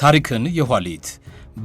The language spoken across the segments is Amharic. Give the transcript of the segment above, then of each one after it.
ታሪክን የኋሊት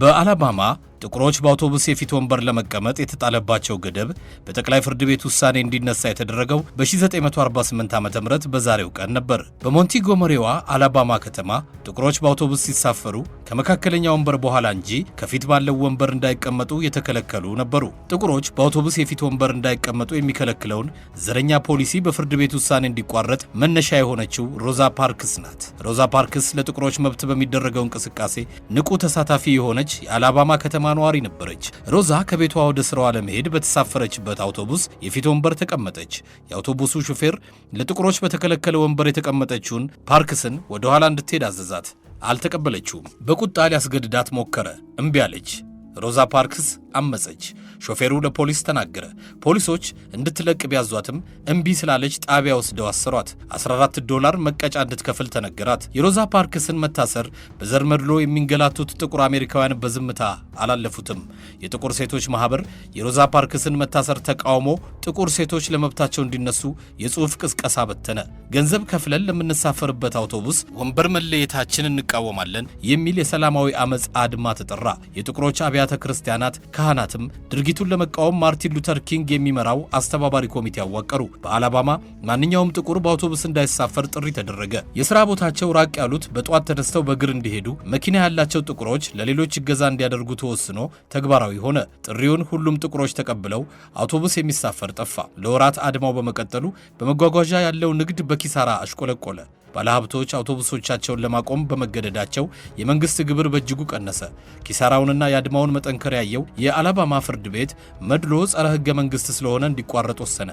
በአላባማ ጥቁሮች በአውቶቡስ የፊት ወንበር ለመቀመጥ የተጣለባቸው ገደብ በጠቅላይ ፍርድ ቤት ውሳኔ እንዲነሳ የተደረገው በ1948 ዓ ም በዛሬው ቀን ነበር። በሞንቲጎመሪዋ አላባማ ከተማ ጥቁሮች በአውቶቡስ ሲሳፈሩ ከመካከለኛ ወንበር በኋላ እንጂ ከፊት ባለው ወንበር እንዳይቀመጡ የተከለከሉ ነበሩ። ጥቁሮች በአውቶቡስ የፊት ወንበር እንዳይቀመጡ የሚከለክለውን ዘረኛ ፖሊሲ በፍርድ ቤት ውሳኔ እንዲቋረጥ መነሻ የሆነችው ሮዛ ፓርክስ ናት። ሮዛ ፓርክስ ለጥቁሮች መብት በሚደረገው እንቅስቃሴ ንቁ ተሳታፊ የሆነች የአላባማ ከተማ ነዋሪ ነበረች። ሮዛ ከቤቷ ወደ ስራዋ ለመሄድ በተሳፈረችበት አውቶቡስ የፊት ወንበር ተቀመጠች። የአውቶቡሱ ሹፌር ለጥቁሮች በተከለከለ ወንበር የተቀመጠችውን ፓርክስን ወደ ኋላ እንድትሄድ አዘዛት። አልተቀበለችውም። በቁጣ ሊያስገድዳት ሞከረ። እምቢ አለች። ሮዛ ፓርክስ አመፀች። ሾፌሩ ለፖሊስ ተናገረ። ፖሊሶች እንድትለቅ ቢያዟትም እምቢ ስላለች ጣቢያ ወስደው አሰሯት። 14 ዶላር መቀጫ እንድትከፍል ተነገራት። የሮዛ ፓርክስን መታሰር በዘር መድሎ የሚንገላቱት ጥቁር አሜሪካውያን በዝምታ አላለፉትም። የጥቁር ሴቶች ማህበር የሮዛ ፓርክስን መታሰር ተቃውሞ ጥቁር ሴቶች ለመብታቸው እንዲነሱ የጽሑፍ ቅስቀሳ በተነ። ገንዘብ ከፍለን ለምንሳፈርበት አውቶቡስ ወንበር መለየታችን እንቃወማለን የሚል የሰላማዊ አመፅ አድማ ተጠራ። የጥቁሮች አብያተ ክርስቲያናት ካህናትም ድርጊ ድርጊቱን ለመቃወም ማርቲን ሉተር ኪንግ የሚመራው አስተባባሪ ኮሚቴ አዋቀሩ። በአላባማ ማንኛውም ጥቁር በአውቶቡስ እንዳይሳፈር ጥሪ ተደረገ። የስራ ቦታቸው ራቅ ያሉት በጠዋት ተነስተው በእግር እንዲሄዱ መኪና ያላቸው ጥቁሮች ለሌሎች እገዛ እንዲያደርጉ ተወስኖ ተግባራዊ ሆነ። ጥሪውን ሁሉም ጥቁሮች ተቀብለው አውቶቡስ የሚሳፈር ጠፋ። ለወራት አድማው በመቀጠሉ በመጓጓዣ ያለው ንግድ በኪሳራ አሽቆለቆለ። ባለሀብቶች አውቶቡሶቻቸውን ለማቆም በመገደዳቸው የመንግስት ግብር በእጅጉ ቀነሰ። ኪሳራውንና የአድማውን መጠንከር ያየው የአላባማ ፍርድ ቤት መድሎ ጸረ ህገ መንግስት ስለሆነ እንዲቋረጥ ወሰነ።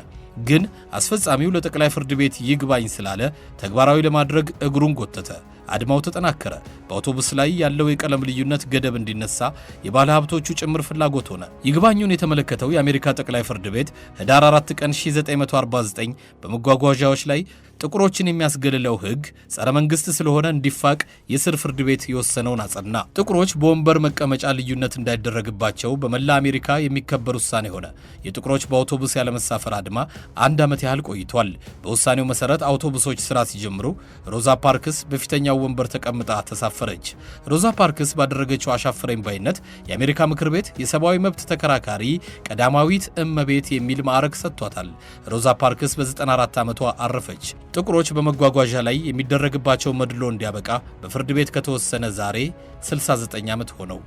ግን አስፈጻሚው ለጠቅላይ ፍርድ ቤት ይግባኝ ስላለ ተግባራዊ ለማድረግ እግሩን ጎተተ። አድማው ተጠናከረ። በአውቶቡስ ላይ ያለው የቀለም ልዩነት ገደብ እንዲነሳ የባለ ሀብቶቹ ጭምር ፍላጎት ሆነ። ይግባኙን የተመለከተው የአሜሪካ ጠቅላይ ፍርድ ቤት ህዳር 4 ቀን 1949 በመጓጓዣዎች ላይ ጥቁሮችን የሚያስገድለው ህግ ጸረ መንግስት ስለሆነ እንዲፋቅ የስር ፍርድ ቤት የወሰነውን አጸና። ጥቁሮች በወንበር መቀመጫ ልዩነት እንዳይደረግባቸው በመላ አሜሪካ የሚከበር ውሳኔ ሆነ። የጥቁሮች በአውቶቡስ ያለመሳፈር አድማ አንድ ዓመት ያህል ቆይቷል። በውሳኔው መሰረት አውቶቡሶች ስራ ሲጀምሩ ሮዛ ፓርክስ በፊተኛው ወንበር ተቀምጣ ተሳፈረች። ሮዛ ፓርክስ ባደረገችው አሻፈረኝ ባይነት የአሜሪካ ምክር ቤት የሰብአዊ መብት ተከራካሪ ቀዳማዊት እመቤት የሚል ማዕረግ ሰጥቷታል። ሮዛ ፓርክስ በ94 ዓመቷ አረፈች። ጥቁሮች በመጓጓዣ ላይ የሚደረግባቸው መድሎ እንዲያበቃ በፍርድ ቤት ከተወሰነ ዛሬ 69 ዓመት ሆነው